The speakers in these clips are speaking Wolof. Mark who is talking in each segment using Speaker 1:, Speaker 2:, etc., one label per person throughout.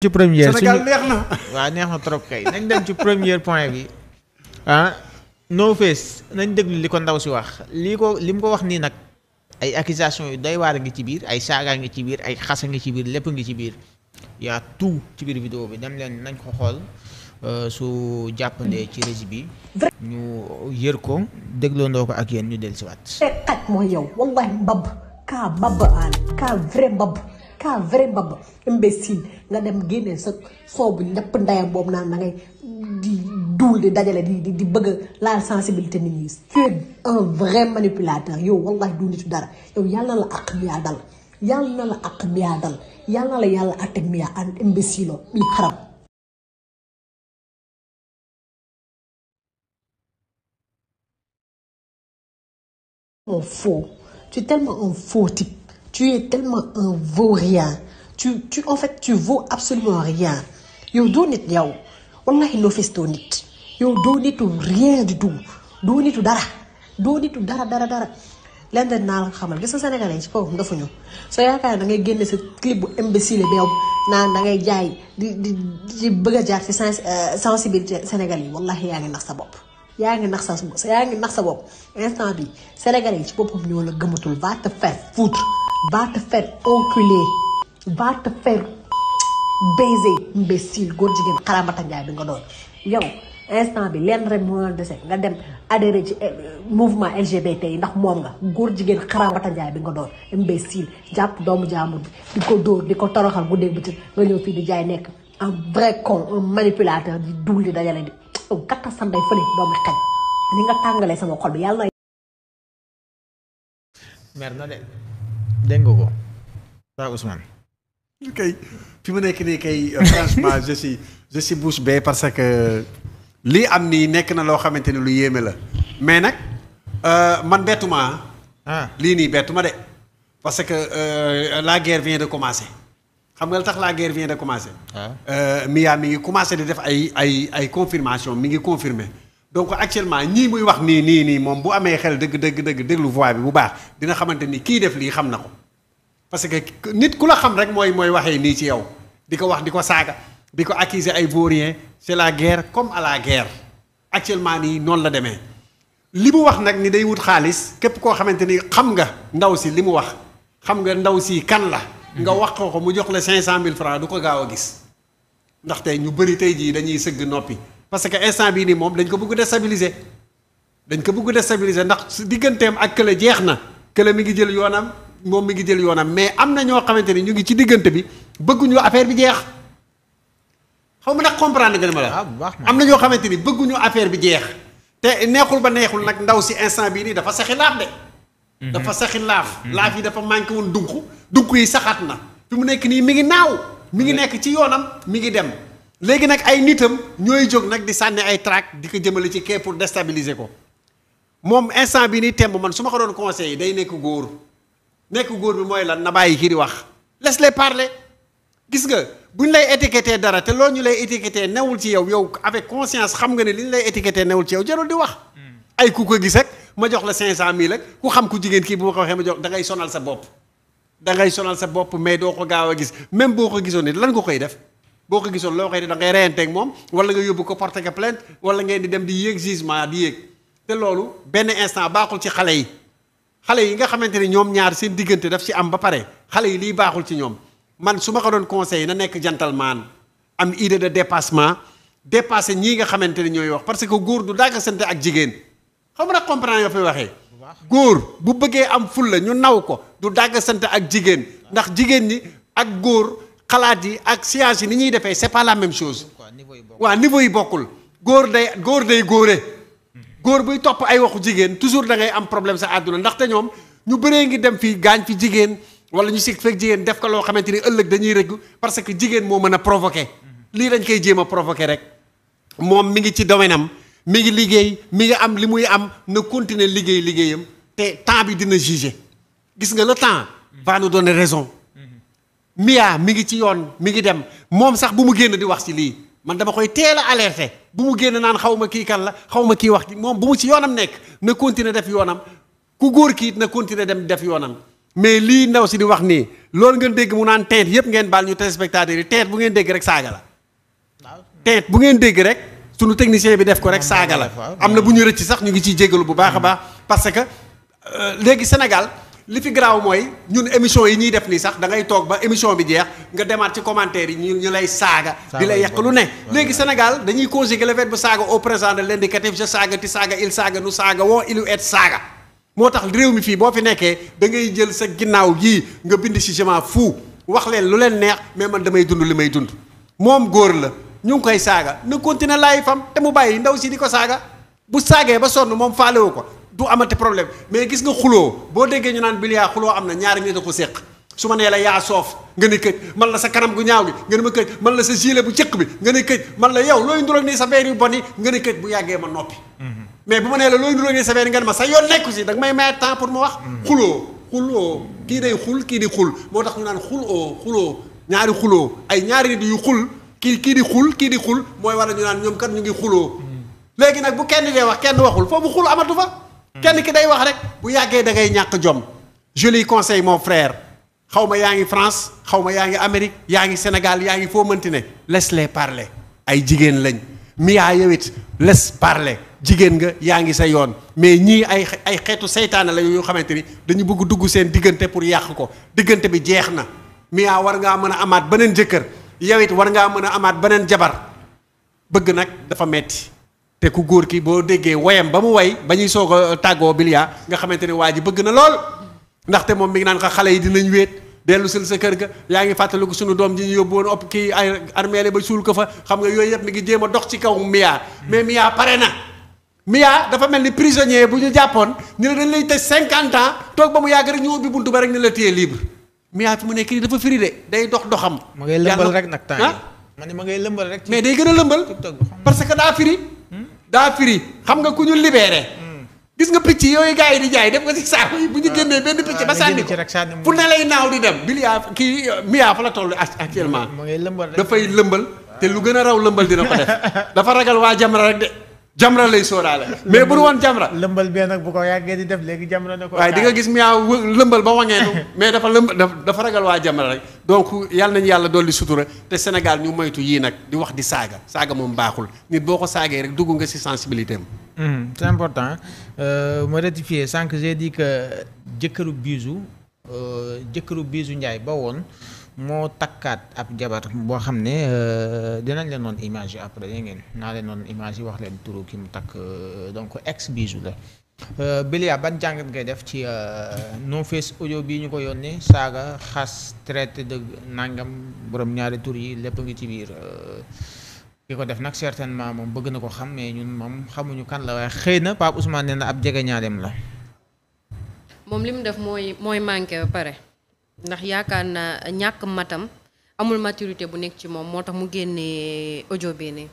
Speaker 1: ci première Sénégal neex na. waaw neex na trop kay nañ dem ci premier point bi ah no face nañ déglu li ko ndaw si wax lii ko li mu ko wax nii nag ay accusation yu doy waar ngi ci biir ay saaga ngi ci biir ay xasa ngi ci biir lépp ngi ci biir yaa tout ci biir vidéo bi dem leen nañ ko xool euh, su jàppandee ci régie bi ñu yër ko dégloo ndoo ko ak yéen ñu dellusiwaat.
Speaker 2: kat mooy yow wallahi mbab kaa mbab aan kaa vrai mbab. cas vrai mbaba imbécile nga dem génne soobu ñëpp ndayam boobu naan da di duul di dajale di di bëgg a sensibilité nit ñi tu vrai manipulateur yow wallahi du nitu dara yow yàlla na la àq mi yaa dal yàlla na la àq mi yaa dal yàlla na la yàlla àtte mi tu es tellement un vaurien tu tu en fait tu vaux absolument rien yow doo nit yow wallahi loo fees doo nit yow doo nitu rien di tout doo nitu dara doo nitu dara dara dara lenn de naa la xamal gis nga sénégalais yi ci kaw dafa ñu soo yaakaar da ngay génne sa clip bu imbécile bi naa naan da ngay jaay di di di bëgg a jaar ci euh, sensibilité sénégalais yi wallahi yaa ngi nax sa bopp. yaa ngi nax sa yaa ngi nax sa bopp instant bi Sénégalais yi ci boppu ñoo la gëmatul va te faire foutre va te faire enculer va te faire baiser imbécile góor jigéen xaramata njaay bi nga doon yow instant bi lenn rek moo dese nga dem adhéré ci eh, mouvement LGBT yi ndax moom nga góor jigéen xaramata njaay bi nga doon imbécile jàpp doomu jaambur bi di ko dóor di ko toroxal bu bëccëg nga ñëw fii di jaay nekk un vrai con un manipulateur di dugli dajale di yow kattan sa ndey fële tàngalee sama xol bi yàlla na.
Speaker 1: mer na de
Speaker 3: dégg nga ko. waaw Ousmane. kay fi mu nekk nii kay euh, franchement je suis je suis parce que lii am nii nekk na loo xamante ni lu yéeme la mais nag euh, man bettuma ah. ah. lii nii bettuma de parce que euh, la guerre vient de commencer. xam nga tax la guerre vient de commencer. Ah. Euh, Miami mi ngi commencé di def ay ay confirmation mi ngi confirmé donc actuellement ñii muy wax nii nii nii moom bu amee xel dëgg dëgg dëgg déglu voix bi bu baax dina xamante ni kii def lii xam na ko parce que nit ku la xam rek mooy mooy waxee nii ci yow di ko wax di ko saaga bi ko accuser ay vauriens c'est la guerre comme à la guerre actuellement nii noonu la demee li mu wax nag ni day wut xaalis képp koo xamante ni xam nga ndaw si li mu wax xam nga ndaw si kan la. nga wax ko ko mu jox la cinq cent mille francs du ko gaaw a gis ndaxte ñu bëri tey jii dañuy sëgg noppi parce que instant bii nii moom dañ ko bëgg déstabiliser dañ ko bëgg déstabiliser ndax digganteem ak kële jeex na kële mi ngi jël yoonam moom mi ngi jël yoonam mais am na ñoo xamante ni ñu ngi ci diggante bi bëgguñu affaire bi jeex xaw ma nag comprendre nga li ma la ah, am na ñoo xamante ni bëgguñu affaire bi jeex te neexul ba neexul nag ndaw si instant bii nii dafa saxi laab Mhm. dafa saxi laaf. Mhm. laaf yi dafa manqué woon dunk dunk yi saxaat na fi mu nekk nii mi ngi naaw. mi ngi nekk ci yoonam mi ngi dem. léegi nag ay nitam ñooy jóg nag di sànni ay trac di ko jëmale ci kee pour déstabiliser ko moom instant bi nii temb man su ma ko doon conseil conseillé day nekk góor nekk góor bi mooy lan na bàyyi kii di wax. laisse les parler gis nga bu ñu lay étiqueté dara te lool ñu lay étiqueté newul ci yow yow avec conscience xam nga ne li ñu lay étiqueté newul ci yow jarul di wax. Hmm. ay ku ko gis ma jox la 500000 rek ku xam ku jigéen kii bu ma ko waxee ma jox dangay ngay sonal sa bopp da ngay sonal sa bopp mais doo ko gaaw a gis même boo ko gisoon ni lan ko koy def boo ko gisoon loo ko def da ngay reyanteeg moom wala nga yóbbu ko porté ko plainte wala ngeen di dem di yéeg jugement di yéeg te loolu benn instant baaxul ci xale yi xale yi nga xamante ni ñoom ñaar seen diggante def ci am ba pare xale yi liy baaxul ci ñoom man su ma ko doon conseil na nekk gentleman am idée de dépassement dépasser ñii nga xamante ni ñooy wax parce que góor du daagasante ak jigéen xam nga comprendre nga fi waxee. góor bu bëggee am fulla ñu naw ko du dàgg sant ak jigéen ndax jigéen ñi ak góor xalaat yi ak science yi ni ñuy defee c'est pas la même chose. waa niveau yi bokkul góor day góor day góore. góor buy topp ay waxu jigéen toujours da ngay am problème sa àdduna ndaxte ñoom ñu bëree ngi dem fii gaañ fi jigéen wala ñu si fekk jigéen def ko loo xamante ni ëllëg dañuy rëgg parce que jigéen moo mën a provoqué. lii dañ koy jéem a provoqué rek moom mi ngi ci domaine mi ngi liggéey mi ngi am li muy am na continuer liggéey liggéeyam te temps bi dina juger gis nga le temps va nous donner raison Mia mi ngi ci yoon mi ngi dem moom sax bu mu génn di wax si lii man dama koy teel alerte bu mu génn naan xaw ma kii kan la xaw ma kii wax ci moom bu mu ci yoonam nekk na continuer def yoonam ku góor kii na continuer dem def yoonam mais lii ndaw si di wax nii loolu ngeen dégg mu naan teint yëpp ngeen baal ñu téléspectateurs yi teint bu ngeen dégg rek saaga la teint bu ngeen dégg rek sunu technicien bi def ko rek ah, saaga la am na bu ñu rëcc sax ñu ngi ciy jégalu bu baax hmm. baax parce que euh, léegi Sénégal li fi garaaw mooy ñun émission yi ñuy def nii sax da ngay toog ba émission bi jeex nga demaat ci commentaire yi ñu ñu lay saaga di lay yàq lu ne léegi Sénégal dañuy conjuguer le verbe saaga au présent de l'indicatif je saaga ti saaga il saaga nu saaga woo ilu et saaga moo tax réew mi fii boo fi nekkee da ngay jël sa ginnaaw yii nga bind ci je m'en wax leen lu leen neex mais man damay dund li may dund moom góor la ñu ngi koy saaga na continuer laay fam te mu bàyyi ndaw si di ko saaga bu saagee ba sonn moom faalewu ko du amati problème mais gis nga xuloo boo déggee ñu naan Bilia xuloo am na ñaari nit ko séq su ma nee la yaa soof nga ne man la sa kanam gu ñaaw gi nga ma këj man la sa gilet bu cëq bi nga ne këj man la yow looy nduróog nii sa veer yu bon yi nga ne bu yàggee ma noppi mm-hmm. mais bu ma looy nduróog nii sa ma sa yoon si da may maye pour ma wax mm-hmm. xuloo kii day xul kii di xul moo tax ñu naan xuloo xuloo ñaari xuloo ay ñaari nit yu xul kii kii di xul kii di xul mooy war ñu naan ñoom kat ñu ngi xuloo léegi nag bu kenn dee wax kenn waxul foofu xul amatu fa kenn ki day wax rek bu yàggee da ngay ñàkk jom je lui conseille mon frère xaw ma yaa ngi France xaw ma yaa ngi Amérique yaa ngi Sénégal yaa ngi foo mënti ne laisse les parler ay jigéen lañ miyaa yowit les parle jigéen nga yaa ngi sa yoon mais ñii ay ay xeetu seytaane la yoo xamante ni dañu bëgg dugg seen diggante pour yàq ko diggante bi jeex na miyaa war ngaa mën a amaat beneen jëkkër yow it war ngaa mën a amaat beneen jabar bëgg nag dafa metti te ku góor ki boo déggee woyam ba mu way ba ñuy soog a tàggoo bilyaa nga xamante ne waa ji bëgg na lool ndaxte moom mi ngi naan ko xale yi dinañ wéet dellu sil sa kër ga yaa ngi fàttaliku suñu doom ji ñu yóbbu woon op kii ay armeele ba suul ko fa xam nga yooyu yëpp mi ngi jéem a dox ci kaw Mia mais Mia pare na Mia dafa mel ni prisonnier bu ñu jàppoon ñu ne dañ lay tëj cinquante ans toog ba mu yàgg rek ñu ubbi buntu ba la téye libre Mia fi mu nekk nii dafa firi de day dox doxam. ma ngay lëmbal rek nag temps ah?
Speaker 1: ma ne ma ngay lëmbal rek.
Speaker 3: mais day gën a lëmbal. parce que daa firi. Hmm? daa firi xam nga ku ñu libéré. Hmm. gis nga picc yooyu gars yi di jaay def nga si saako yi bu ñu ah. génnee benn picc ba ah, sànni ko fu ne lay naaw di dem. bilia kii Mia fa la toll actuellement. ma ngay lëmbal rek dafay lëmbal. te lu gën a raw lëmbal dina ko def dafa ragal waa Jamra rek de. jamra lay sóoraale. mais bu nu
Speaker 1: woon jamra. lëmbal bee nag bu ko yàggee di def léegi jamra ne ko. waaye di nga gis
Speaker 3: miyaa lëmbal ba waŋeetu mais dafa lëmb dafa ragal waa jamra rek donc yàlla nañu yàlla dool dolli sutura te Sénégal ñu moytu yii nag di wax di saaga saaga moom baaxul nit boo ko saagee rek dugg nga ci sensibilité am.
Speaker 1: Hmm, c'est important euh, ma rectifier sànq j'ai dit que jëkkëru biisu euh, jëkkëru biisu Ndiaye ba woon. moo takkaat ab jabar boo xam ne euh, dinañ leen noon image yi après da ngeen naa leen noon image yi wax leen turu ki mu takk euh, donc ex Bijou la euh, Bilia ban jàngat ngay def ci non face ojo bii ñu ko yónnee saaga xas traité de nangam borom ñaari tur yi lépp ngi ci biir ki ko def nag certainement moom bëgg na ko xam mais ñun moom xamuñu kan la waaye xëy na Pape Ousmane nee na ab jege ñaaleem la
Speaker 4: moom li mu def mooy mooy manqué ba pare ndax yaakaar naa ñàkk matam amul maturité bu nekk ci moom moo tax mu génnee audio bi ne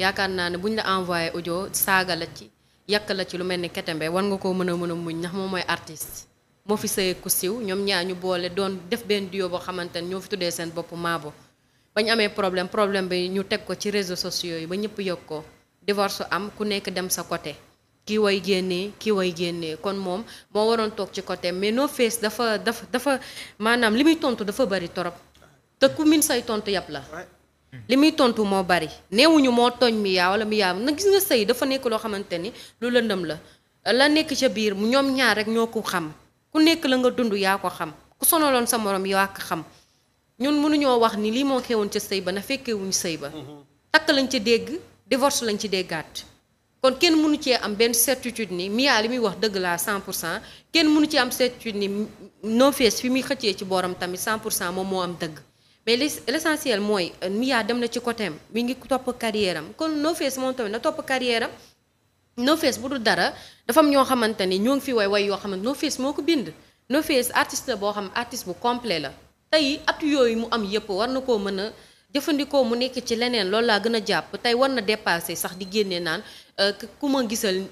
Speaker 4: yaakaar naa ne buñ la envoyé audio saaga la ci yàq la ci lu mel ni ketembe war nga koo mën a mën a muñ ndax moom mooy artiste moo fi sëy ku siiw ñoom ñaar ñu boole doon def benn duo boo xamante ne ñoo fi tuddee seen bopp maabo bañ amee problème problème bi ñu teg ko ci réseau sociaux yi ba ñëpp yokk ko divorce am ku nekk dem sa côté kii way génne kii way génnee kon moom moo waroon toog ci côté mais noo fees dafa dafa dafa maanaam li muy tontu dafa bari torop te ku min say tontu yàpp la. li muy tontu moo bari newuñu moo tooñ mi yaa wala mi yaa na gis nga sëy dafa nekk loo xamante ni lu lëndam la la nekk ca biir ñoom ñaar rek ñoo ko xam ku nekk la nga dund yaa ko xam ku sonaloon sa moroom yaa ko xam ñun mënuñoo wax ni lii moo xewoon ca sëy ba na fekkewuñu sëy ba. Mm-hmm. takk lañ ci dégg divorce lañ ci déggaat. kon kenn mënu cee am benn certitude ni Mia li muy wax dëgg laa 100 pour cent kenn mënu ci am certitude ni non fi muy xëccee ci booram tamit 100 pour cent moom moo am dëgg mais li l'essentiel mooy euh, Mia dem na ci côté am mi ngi topp carrière kon non fees moom tamit na topp carrière am bu dul dara dafa am ñoo xamante ni ñoo ngi fi way way yoo xamante non fees moo ko bind non fees la boo xam artiste bu complet la tey at yooyu mu am yëpp war na koo mën a jëfandikoo mu nekk ci leneen loolu laa gën a jàpp tey war na dépassé sax di génnee naan Euh, ku ma gisal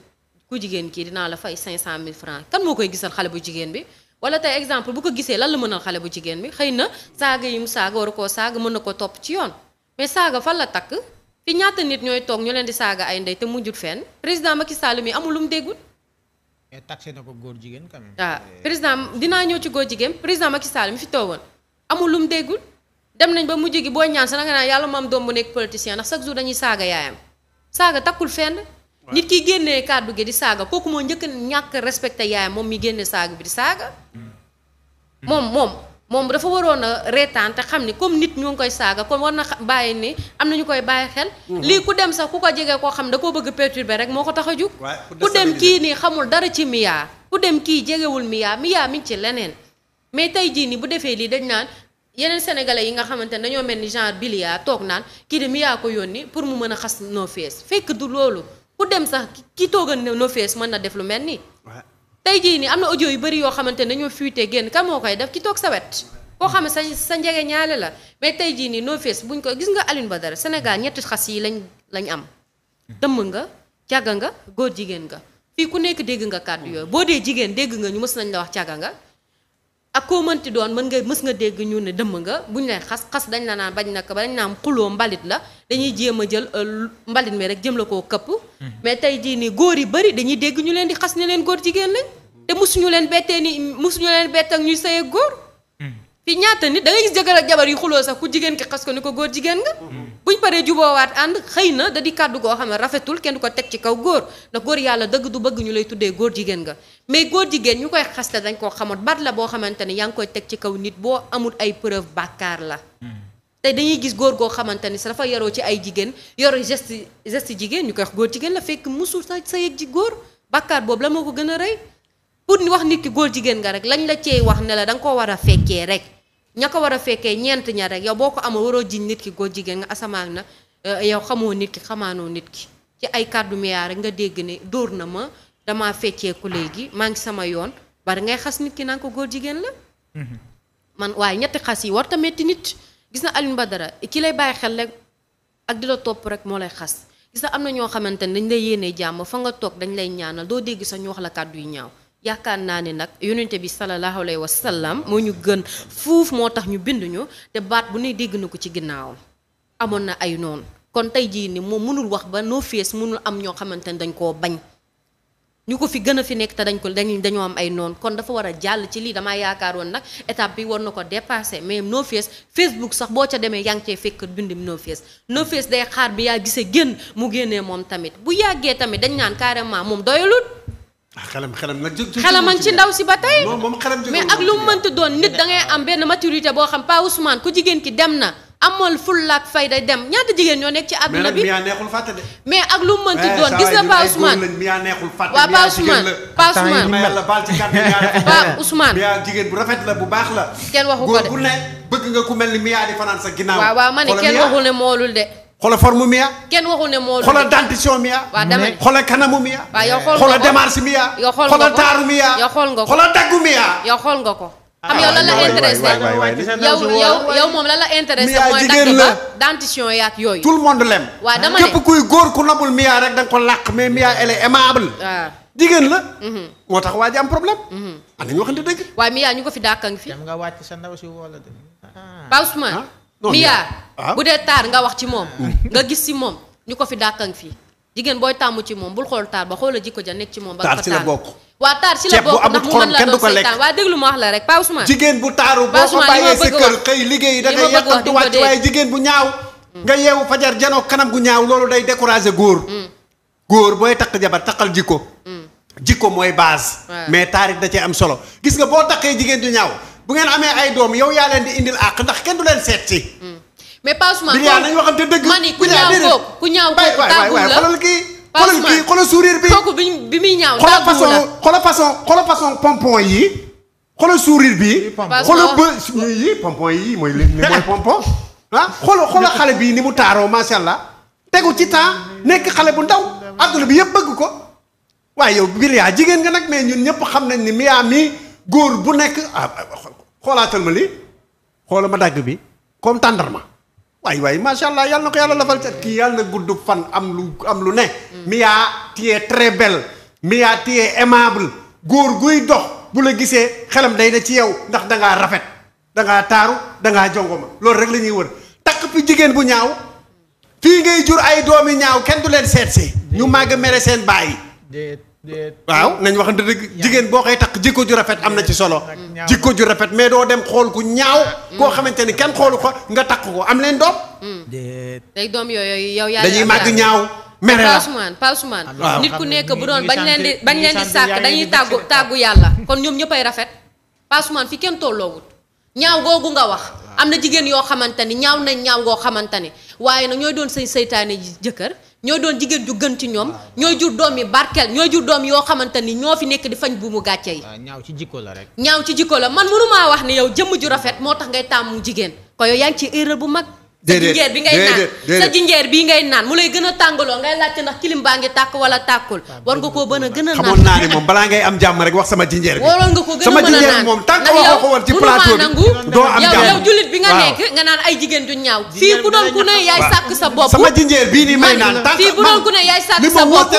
Speaker 4: ku jigéen kii dinaa la fay cinq 500000 francs kan moo koy gisal xale bu jigéen bi wala tey exemple bu ko gisee lan la mënal xale bu jigéen bi xëy na saaga yi mu saaga war koo saaga mën na ko topp ci yoon mais saaga fan la takk fi ñaata nit ñooy toog ñu leen di saaga ay ndey te mujjut fenn président Macky Sall mi amul lu mu déggul.
Speaker 1: mais taxé na ko góor jigéen quand même.
Speaker 4: Ah, président dinaa ñëw ci góor jigéen président Macky Sall mi fi toogoon amul lu mu déggul dem nañ ba mujj gi boo ñaan sax nga naan yàlla mu am doom bu nekk politicien ndax chaque jour dañuy saaga yaayam saaga takkul fenn. nit ki génnee kàddu gi di saaga kooku moo njëkk ñàkk respecté yaayam moom mi génne saaga bi di saaga. Mm. moom moom moom dafa waroon a reetaan te xam ni comme nit ñoo ngi koy saaga kon war na bàyyi ni am na ñu koy bàyyi xel. Mm-hmm. lii ku dem sax ku ko jege koo xam da koo bëgg a perturber rek moo ko tax a jug. ku dem kii nii xamul dara ci miyaa ku dem kii jegewul miyaa miyaa mi ci leneen mais tey jii nii bu defee lii dañ naan. yeneen sénégalais yi nga xamante ne dañoo mel ni genre bilia toog naan kii de mi yaa ko pour mu mën a xas noo fees fekk du loolu ku dem sax ki toog a no fees mën na def lu mel nii. tey jii nii am na audio yu bëri yoo xamante ne dañoo fuité génn kan moo koy def ki toog sa wet. koo xam ne sa sa njege ñaale la mais tey jii nii no fees buñ ko gis nga alin ba dara Sénégal ñett xas yi lañ lañ am. dëmm nga càgga nga góor jigéen nga fii ku nekk dégg nga kàddu yooyu boo dee jigéen dégg nga ñu mës nañ la wax càgga nga. ak koo mënti doon mën nga mës nga dégg ñu ne dëmm nga bu ñu lay xas xas dañ la naan bañ na ko ba dañ naan xuloo mbalit la dañuy jéem a jël euh, mbalit mi rek jëm la koo këpp hmm. mais tey jii nii góor yi bëri dañuy dégg ñu leen di xas ne leen góor jigéen lañ te musuñu leen bettee ni musuñu leen bett ak ñuy sëy góor hmm. fi ñaata nit da ngay gis jëkkër ak jabar yu xuloo sax ku jigéen ki xas ko ni ko góor jigéen nga hmm. buñ paree juboowaat ànd xëy na da di kàddu goo xam ne rafetul kenn ko teg ci kaw góor ndax góor yàlla dëgg du bëgg ñu lay tuddee góor jigéen nga mais góor jigéen ñu koy xaste dañ koo xamoon baat la boo xamante ne yaa ngi koy teg ci kaw nit boo amul ay preuve bàkkaar hmm. dañuy gis góor goo xamante ni sa dafa yaroo ci ay jigéen yoro geste geste jigéen ñu koy wax góor jigéen la fekk musul sa sa yëg ji góor bàkkaar boobu la moo ko gën a rëy pour wax nit ki góor jigéen nga rek lañ la cee wax ne la da nga koo war a fekkee rek ña ko war a fekkee ñeent ña rek yow boo ko amul waroo jiñ nit ki góor jigéen nga asamaan nag euh, yow xamoo nit ki xamaanoo nit ki ci ay kàddu miyaa rek nga dégg ne dóor na ma damaa fecceeku léegi maa sama yoon bari ngay xas nit ki naan góor jigéen la. Mm-hmm. man waaye ñetti xas yi war ta nit gis na Alioune Badara ki lay bàyyi xel rek ak di la topp rek moo lay xas gis na am na ñoo xamante ne dañ lay yéene jàmm fa nga toog dañ lay ñaanal doo dégg sa ñu wax la kàddu yu ñaaw. yaakaar naa ne nag yonent bi salallaahu alayhi wa sallam moo ñu gën fuuf moo tax ñu bind ñu te baat bu ne dégg na ko ci ginnaawam amoon na ay noon kon tey jii ni moom mënul wax ba noo fees mënul am ñoo xamante ne dañ koo bañ ñu ko fi gën a fi nekk te dañ ko dañ dañoo am ay noonu kon dafa war a jàll ci lii damaa yaakaaroon nag étape bi war na ko dépassé mais no face Facebook sax boo ca demee yaa ngi cee fekk bindim no face no face day xaar bi yaa gisee génn mu génnee moom tamit bu yàggee tamit dañ naan carrément moom doyalut
Speaker 3: Ah, xelam xelam nag xelaman ci
Speaker 4: ndaw si ba tey mais ak lu mu mënti doon nit da ngay am benn maturité boo xam Pa Ousmane ku jigéen ki dem na amoon fullaak fayda dem ñaata jigéen ñoo nekk ci àdduna bi mais ak lu mu mënti eh, doon gis nga Pa Ousmane
Speaker 3: waaw Pa Ousmane Pa Ousmane Pa Ousmane jigéen bu rafet la bu baax la kenn waxu ko bëgg nga ku mel ni miyaa di fanaan sa ma ne kenn waxul
Speaker 4: ne moolul de
Speaker 3: xoolal forme mi yaa.
Speaker 4: kenn waxul ne moo. xoolal dentition mi yaa. waaw dama ne
Speaker 3: xoolal kanamu mi yaa. waaw yow nga ko xoolal démarche mi yaa. yow xool nga ko xoolal taaru mi yaa. yow xool nga ko xoolal daggu mi yaa.
Speaker 4: yow xool ko. xam ah, yow lan la intéressé yow yow yow la intéressé dentition yaak
Speaker 3: yooyu. tout le monde l'aime. képp kuy góor ku nabul mi yaa rek da nga ko làq mais mi yaa elle est
Speaker 4: ah. jigéen la. Mhm.
Speaker 3: moo tax waa ji am problème. Mhm. am ah, na ñu waxante dëgg.
Speaker 4: waaye mi yaa ñu ko fi dàkka ngi fi. dem nga wàcc sa ndaw si woo la de. Pape Ousmane. mi yaa Ah. bu dee taar nga wax ci moom. nga gis si moom ñu ko fi dàkkang fii jigéen booy tàmm ci moom bul xool taar ba xoola jikko ja nekk ci moom. ba nga fa taar si la bokk. waa taar si la bokk ndax mu mën la doon seetaan waaye déglu
Speaker 3: bu taaru da mm. nga yeewu fajar janoo kanam gu ñaaw loolu day décourager góor. Mm. góor booy takk jabar takkal jikko. Mm. jikko mooy base. mais taar da cee am solo gis nga boo takkee jigéen ju ñaaw bu ngeen amee ay doom yow yaa leen di indil àq ndax kenn du leen seet si
Speaker 4: mais Pa Ousmane Biria nañu waxante dëgg. ma ni ku ñaaw kooku ku ñaaw kooku tàggul la xoolal kii. Pa Ousmane xoolal kii xoolal sourire bi. kooku bi bi muy ñaaw tàggul la
Speaker 3: xoolal façon xoolal façon pompon yi. xoolal sourire bi.
Speaker 4: xoolal bë
Speaker 3: yi pompon yi mooy li mooy pompon. ah
Speaker 4: xoolal xoolal xale
Speaker 3: bii ni mu taaroo macha allah. tegu ci temps nekk xale bu ndaw. adduna bi yëpp bëgg ko. waaye yow Biria jigéen nga nag mais ñun ñëpp xam nañ ni Miami góor bu nekk ah, ah xoolaatal ma lii xoolal ma dagg bi comme tàndarma waay waay macha allah yàlla na ko yàlla lafal cat kii yàlla na gudd fan am lu am lu ne. Mm. Mia tu es très belle. Mia tu es góor guy dox bu la gisee xelam day na ci yow ndax da rafet da ngaa taaru da ngaa jongoma loolu rek lañuy ñuy wër takk fi jigéen bu ñaaw fii ngay jur ay doomi ñaaw kenn du leen seet si. ñu màgg mere seen bàyyi. waaw nañ waxante dëgg jigéen boo koy takk jikko ju rafet am na ci solo jikko ju rafet mais doo dem xool ku ñaaw mm. koo xamante ni kenn xoolu ko nga takk ko am leen doom
Speaker 4: léegi mm. doom yooyu yow yaa dañuy màgg ñaaw mere la Ousmane Pa Ousmane ah, nit ku nekk bu doon bañ leen di bañ leen di sàkk dañuy tàggu tàggu yàlla kon ñoom ñëppay rafet Pa Ousmane fi kenn tolloowut ñaaw googu nga wax am na jigéen yoo xamante ni ñaaw nañ ñaaw goo xamante ni waaye nag ñooy doon say seytaane ji jëkkër ñoo doon jigéen ju gën ci ñoom ñooy jur doom yi barkeel ñooy jur doom yoo xamante ni ñoo fi nekk di fañ buumu gàcce yi ah, ñaaw
Speaker 1: ci jikko la rek
Speaker 4: ñaaw ci jikko la man mënumaa wax ni yow jëmm ju rafet moo tax ngay tàmmu jigéen ko yow ci erreur bu mag déedéet sa jinjeer bi ngay naan sa jinjeer bi ngay naan mu lay gën a tàngaloo ngay laajte ndax kilim baa ngi tàkk wala tàkkul war nga koo bën a gën a naan xamoon naa
Speaker 3: ni moom balaa ngay am jàmm rek wax sama jinjeer bi waroon
Speaker 4: nga a mën a naan sama jinjeer bi moom naan ay jigéen ñaaw fii ku doon ku ne yaay sàkk sa bii nii may naan tant fii bu doon ku ne yaay ah. sàkk sa bopp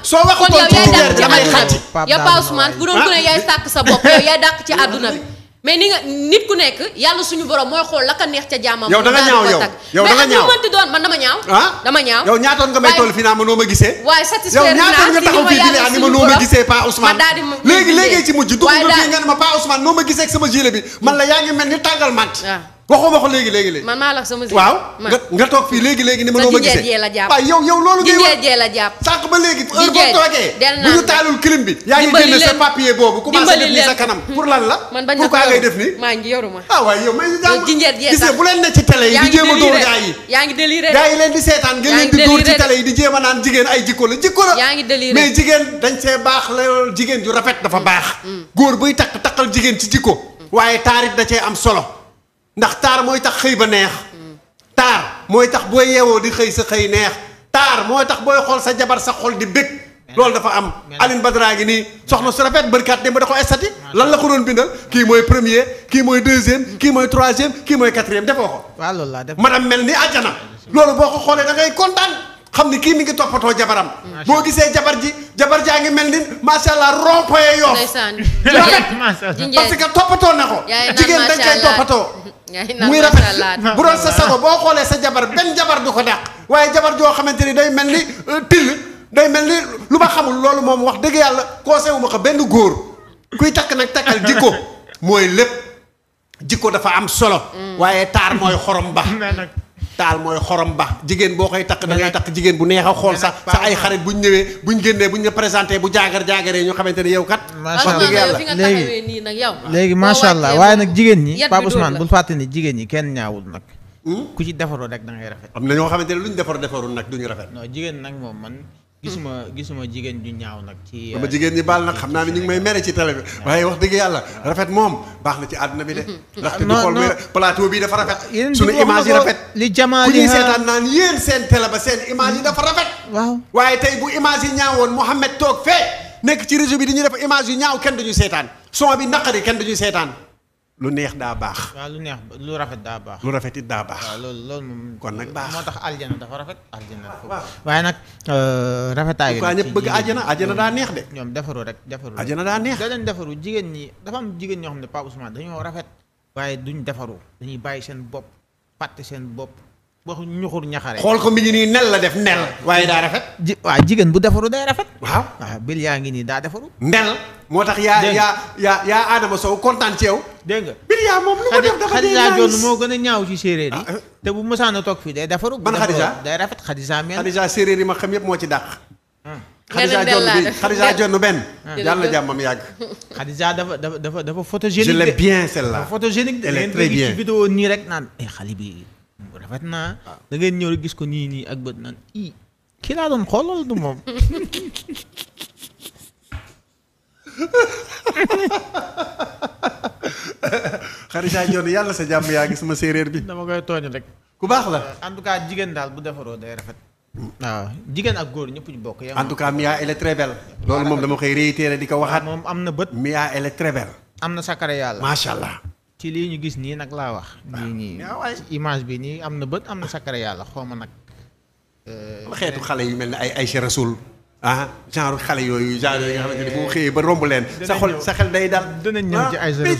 Speaker 4: soo wax ci jinjeer bi damay xàcc yow Paa Ousmane sa bopp yaay dàq ci àdduna bi mais ni nga nit ku nekk yàlla suñu borom mooy xool la ka neex ca jaamam. yow da nga ñaaw yow yow da nga ñaaw mais ak mënti doon man dama ñaaw. Ah? dama ñaaw yow ñaatoon nga may toll fii
Speaker 3: naa ma noo ma gisee.
Speaker 4: waaye satisfaire naa ni ma noo ma gisee Paa Ousmane. ma daal di ma léegi léegi ci mujj. waaye dugg
Speaker 3: nga fii ma Paa Ousmane noo ma gisee ak sama gilet bi man la yaa ngi mel ni tàngal mant ah. waxuma ko léegi léegi léegi. man
Speaker 4: maa la sama waaw
Speaker 3: nga nga toog fii léegi léegi ni mënoo ma gisee
Speaker 4: la jàpp waaw yow yow loolu ngay wax jee la jàpp sànq ba léegi heure boo toogee bu ñu
Speaker 3: taalul clim bi yaa ngi génne sa papier boobu commencé def ni sa kanam hmm. pour lan la man bañ pourquoi ngay def ni maa ngi yoruma ah waaw yow may jàmm gisee bu leen ne ci télé yi di jéem a dóor gaa yi yaa ngi
Speaker 4: déliré gaa yi leen di seetaan nga leen di dóor ci télé yi
Speaker 3: di jéem a naan jigéen ay jikko la jikko la
Speaker 4: yaa ngi déliré mais
Speaker 3: jigéen dañ see baax la jigéen ju rafet dafa baax hmm. góor buy takk takkal jigéen ci jikko hmm. waaye taarit da cee am solo ndax taar mooy tax xëy ba neex taar mooy tax booy yewoo di xëy sa xëy neex taar mooy tax booy xool sa jabar sa xol di bég loolu dafa am Aline Badara ngi nii soxna su rafet bërkaat dem ba da ko estati lan la ko doon bindal kii mooy premier kii mooy deuxième mm. kii mooy troisième kii mooy quatrième defoo ko waaw loolu laa def madame mel ni àjjana loolu boo ko xoolee da ngay kontaan xam ni kii mi ngi toppatoo jabaram boo gisee jabar ji jabar jaa ngi mel ni macha allah rond-point yoo
Speaker 4: parce que toppatoo na ko jigéen dañ koy toppatoo muy rafet bu doon sa
Speaker 3: sago boo xoolee sa jabar benn jabar du ko dàq waaye jabar joo xamante ni day mel ni euh, till day mel ni lu ma xamul loolu moom wax dëgg yàlla koo wu ma ko benn góor kuy takk nag takkal jikko mooy lépp jikko dafa am solo mm. waaye taar mooy xorom ba taal mooy xorom ba jigéen boo koy takk da ngay takk jigéen bu neex a xool sax sa ay xarit buñ ñëwee buñ génnee buñ la présenté bu jaagar jaagaree ñu xamante ne yow kat macha allah ah, léegi
Speaker 4: léegi macha allah
Speaker 1: waaye nag jigéen ñi Pape Ousmane bul fàtte ni jigéen ñi kenn ñaawul nag hmm? ku ci defaroo rek na ngay rafet am na ñoo xamante
Speaker 3: ne lu ñu defaroo defarul nag duñu rafet
Speaker 1: jigéen nag moom man gisuma gisuma jigéen ju ñaaw nag. ci dama jigéen
Speaker 3: ñi baal nag xam naa ne ñu may mere ci télé bi waaye wax dëgg yàlla rafet moom baax na ci àdduna bi de. Mm-hmm. ndaxte ah, du xool muy plateau bi dafa rafet.
Speaker 1: yéen suñu image yi rafet. li jamono ku ñuy seetaan
Speaker 3: naan yéen seen télé ba seen image yi dafa rafet. waaw waaye tey bu image yi ñaawoon Mouhamed toog fee nekk ci réseau bi dañuy def image yu ñaaw kenn duñu seetaan son bi naqari kenn duñu seetaan lu neex daa baax.
Speaker 1: waaw lu neex lu rafet daa baax. lu rafet daa baax. waaw loolu loolu moom. kon nag baax moo tax aljana dafa rafet. aljana dafa waaye nag. Euh, rafetaay yi ñëpp bëgg aljana aljana daa neex de. ñoom defaru rek defaru. aljana daa neex leen defaru jigéen ñi dafa am ñoo xam ne Pape Ousmane dañoo rafet. waaye duñ defaru dañuy bàyyi seen bopp fàtte seen bopp. waxu ñuxur ñaxare. xool ko mi ngi nii nel def nel. waaye daa rafet. ji waaw bu defaru day rafet. waaw waaw ah, bil yaa ngi nii daa defaru. nel moo tax yaa yaa yaa yaa Adama Sow kontaan ci yow. dégg nga bil yaa moom lu ko def dafa gën a ñaaw ci séeréer yi. Ah, eh. te bu mësaan a toog fii day defaru. ban xadija day rafet xadija mel. xadija séeréer yi ma xam yëpp moo ci dàq.
Speaker 2: Hmm. xadija jonn bi xadija jonn
Speaker 3: benn. Hmm. yàlla na jàmmam yàgg.
Speaker 1: xadija dafa dafa dafa dafa photogénique. je l'aime bien celle-là. photogénique de elle est très bien vidéo nii rek naan eh, xale bi rafet naa. Ah. da ngeen ñëw gis ko nii nii ak bët naan i kii laa doon xoolal du moom.
Speaker 3: xarisa Joon yàlla sa jàmm yaa gis ma séeréer bi. dama koy tooñ rek. ku baax la.
Speaker 1: en tout cas jigéen daal bu defaroo day rafet. waaw jigéen ak góor ñëpp ñu bokk. en tout cas Mia elle est très
Speaker 3: belle. loolu moom dama koy réitéré di ko waxaat. moom am na bët. Mia elle
Speaker 1: am na sakare yàlla. macha allah. ci lii ñu gis nii nag laa wax. nii nii image bi nii am na bët am na sakara yàlla xaw ma nag. Euh, xeetu xale
Speaker 3: yu mel ni ay Aïcha Rasoul ah genre xale yooyu genre yooyu nga xamante ba romb leen. sa xol sa xel day dal. danañ ñëw ah, ci Aïcha Rasoul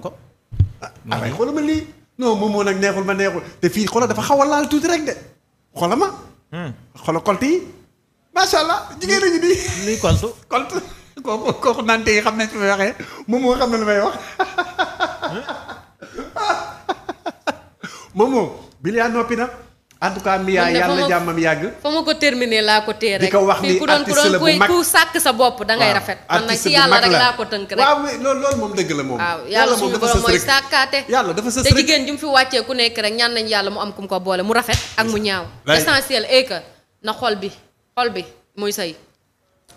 Speaker 1: ko. ah ay ah,
Speaker 3: xoolal ma moom nag neexul ma neexul te fii xoolal dafa xaw a laal tuuti rek de xoolal ma. Hmm. xoolal kolt yi. macha allah jigéen ñi di. luy koltu koltu. kooku kooku nante yi xam nañ fi may waxee moom moo xam na lu may wax moomoo Bilia noppi na en tout cas Mia yàlla jàmmam yàgg.
Speaker 4: fa ma ko terminer laa ko tee rek. di ko wax ni artiste la bu mag ku sàkk sa bopp da ngay rafet. man nag ci yàlla rek laa ko tënk rek. waaw loolu loolu moom
Speaker 3: dëgg la moom. yàlla moom dafa sës rek waaw
Speaker 4: yàlla yàlla dafa sës rek te jigéen ju mu fi wàccee ku nekk rek ñaan nañu yàlla mu am ku mu ko boole mu rafet. ak mu ñaaw. l'essentiel est que na xol bi xol bi muy say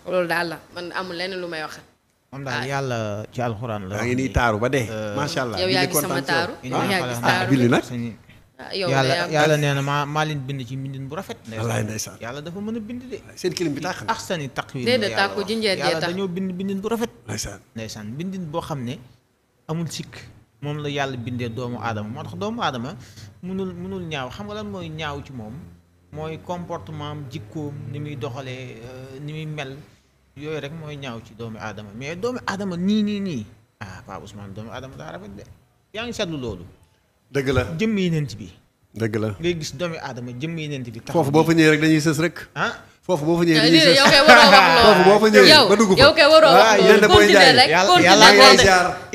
Speaker 4: loolu daal la man amul lenn lu may wax.
Speaker 1: moom daal ah. yàlla ci alxuraan la. yaa ngi nii taaru ba dee. Euh, macha allah yow yaa gis
Speaker 3: sama taaru. yow ah, yaa gis ah,
Speaker 4: yàlla
Speaker 1: yàlla nee na maa maa bind ci mbindin bu rafet. wallaay ndeysaan yàlla dafa mën a bind de. bi taax na ahsani taqwiim. déedéet tàkku jinjeer jee tax yàlla dañoo bind bindin bu rafet. ndeysaan ndeysaan bindin boo xam ne amul sikk. moom la yàlla bindee doomu aadama moo tax doomu aadama mënul mënul ñaaw xam nga lan mooy ñaaw ci moom mooy comportement am jikkoom ni muy doxalee euh, ni muy mel yooyu rek mooy ñaaw ci doomi aadama mais doomi aadama nii nii nii ah Pape Ousmane doomu aadama daa rafet de yaa ngi seetlu loolu. dëgg la jëmm yeneen bi. dëgg la ngay gis doomu aadama jëmm yeneen bi. taxaw foofu boo fa
Speaker 3: ñëwee rek dañuy sës rek. ah foofu boo fa ñëwee dañuy yow kay waroo wax lool foofu boo fa ñëwee ba dugg fa yow kay waroo wax ah, lool continuer rek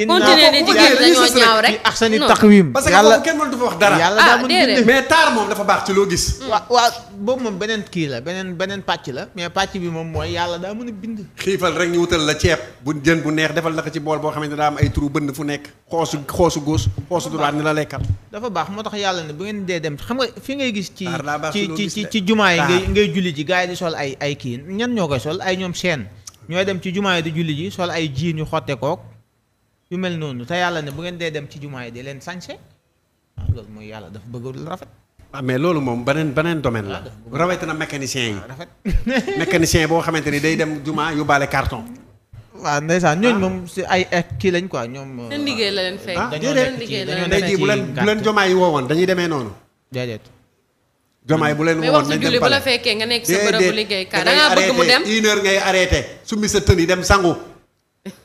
Speaker 3: continuer ne jigéen dañoo ñaaw
Speaker 1: rek axsani taqwim parce que foofu
Speaker 3: kenn mënatu fa wax dara ah déedéet mais
Speaker 1: taar moom dafa baax ci loo gis waaw waaw boobu moom beneen kii la beneen beneen pàcc la mais pàcc bi moom mooy yàlla daa mën a bind
Speaker 3: xiifal rek ñu wutal la ceeb bu jën bu neex defal la ko ci bool boo xamante daa am ay trou bënn fu nekk xoosu xoosu góos xoosu droit ni la lekkal
Speaker 1: dafa baax moo tax yàlla ne bu ngeen dee dem xam nga fi ngay gis ci ci ci ci jumaa yi ngay julli ji gaay sol ay ay kii ñan ñoo koy sol ay ñoom seen ñooy dem ci jumaa yi di julli ji sol ay jii yu xotte kook yu mel noonu te yàlla ne bu ngeen dee dem ci jumaa yi di leen sañse waaw ah, yàlla dafa bëgg rafet.
Speaker 3: ah mais loolu moom beneen beneen domaine la. Ah, rawatina mécanicien yi. Ah, rafet mécanicien boo xamante ni day dem jumaa yóbbaale carton.
Speaker 1: waaw ndeysaan ñooñu moom si ay kii lañ quoi
Speaker 3: ñoom. seen
Speaker 4: liggéey la leen fekk. dañoo nekk ci dañoo nekk
Speaker 3: ci bu leen bu leen jomaa yi dañuy demee noonu. jomaay bu leen woon nañ dem pale fekkee nga nekk sa bërëbu liggéeykaay da nga bëgg mu sa tëni dem sangu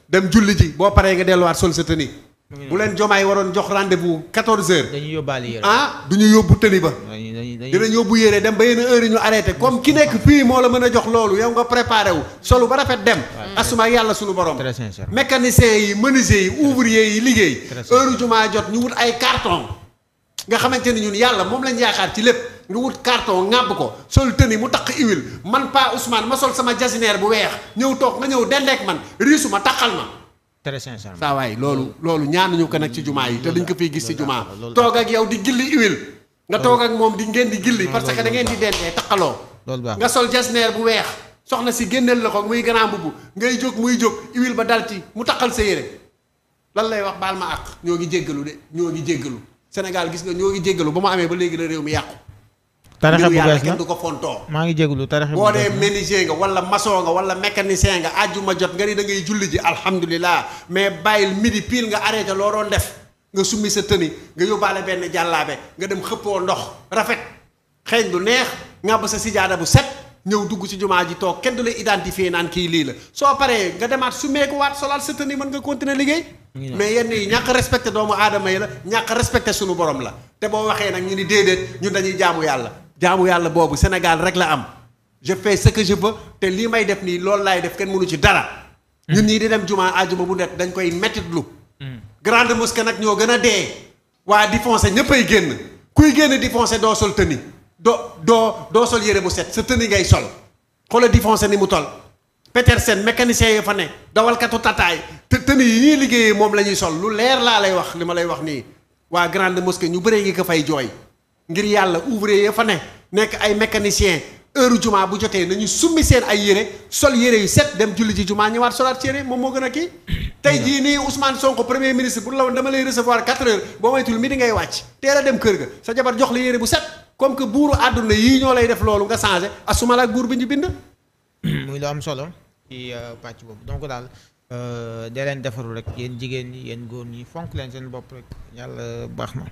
Speaker 3: dem julli ji boo paree nga delluwaat sol sa tëni bu leen jomaay waroon jox rendez-vous 14 heures dañuy yóbbaale yére ah du ñu yóbbu tëni ba dinañ yóbbu yére dem ba yenn heure yi ñu arrêté comme ki nekk fii moo la mën a jox loolu yow nga préparé wu solu ba rafet dem asuma yàlla suñu borom mécanicien yi menuisier yi ouvrier yi liggéey heure jumaa jot ñu wut ay carton nga xamante ni ñun yàlla moom lañ yaakaar ci lépp ñu wut carton ŋàbb ko sol tëni mu taq iwil man pa Ousmane ma sol sama jasineer bu weex ñëw toog nga ñëw dendeek man riisu ma taqal ma très sincèrement saa loolu loolu ñaanuñu ko nag ci jumaa yi te dañ ko fiy gis ci jumaa toog ak yow di gilli iwil nga toog ak moom di ngeen di gilli parce que da ngeen di dendee taqaloo nga sol jasineer bu weex soxna si génneel la ko muy grand mbubb ngay jóg muy jóg iwil ba dal ci mu taqal sa yére lan lay wax baal ma àq ñoo ngi jéggalu de ñoo ngi jéggalu Sénégal gis nga ñoo ngi jéggalu ba mu amee ba léegi la réew mi yàqu
Speaker 1: tarixa bu bees la du ko fontoo maa ngi jégalu tarixa boo dee
Speaker 3: menuisier nga wala maçon nga wala mécanicien nga àjjuma jot nga ni da ngay julli ji alhamdulilah mais bàyyil midi pile nga arrêté loo doon def nga summi sa tëni nga yóbbaale benn jàllaabe nga dem xëppoo ndox rafet xeeñ lu neex ngàbb sa sijaada bu set ñëw dugg ci jumaa ji toog kenn du lay identifier naan kii lii la soo paree nga demaat su meekuwaat solaat sa tëni mën nga continuer liggéey mais yenn yi ñàkk respecté doomu aadama yi la ñàkk respecté suñu borom la te boo waxee nag ñu ni déedéet ñun dañuy jaamu yàlla jaamu yàlla boobu Sénégal rek la am je fais ce te lii may def nii loolu laay def kenn mënu ci dara. ñun ñii di dem jumaa àjjuma bu nekk dañ koy mettitlu hmm. grande mosquée nag ñoo gën a dee. waa di foncé ñëppay génn kuy génn di foncé doo sol tëni doo doo doo sol yére bu set sa tëni ngay sol xoolal di foncé ni mu tol Petersen mécanicien yi fa ne dawalkatu tataay te tëni yi ñuy liggéeyee moom la ñuy sol lu leer laa lay wax li ma lay wax nii waa grande mosquée ñu bëree ngi ko fay jooy. ngir yàlla ouvre ya fa ne nekk ay mécanicien heure jumaa bu jotee nañu summi seen ay yére sol yére yu set dem julli ci jumaa ñëwaat solaat ci yére moom moo gën a kii tey jii nii Ousmane Sonko premier ministre bu la woon dama lay recevoir quatre heures boo maytul mi di ngay wàcc teel a dem kër ga sa jabar jox la yére bu set comme que buuru àdduna yii ñoo lay def loolu nga changé asumala ak buur bi ñu bind
Speaker 1: muy lu am solo ci euh, pàcc boobu donc daal euh, dee leen defaru rek yéen jigéen ñi yéen góor ñi fonk leen seen bopp rek yàlla baax na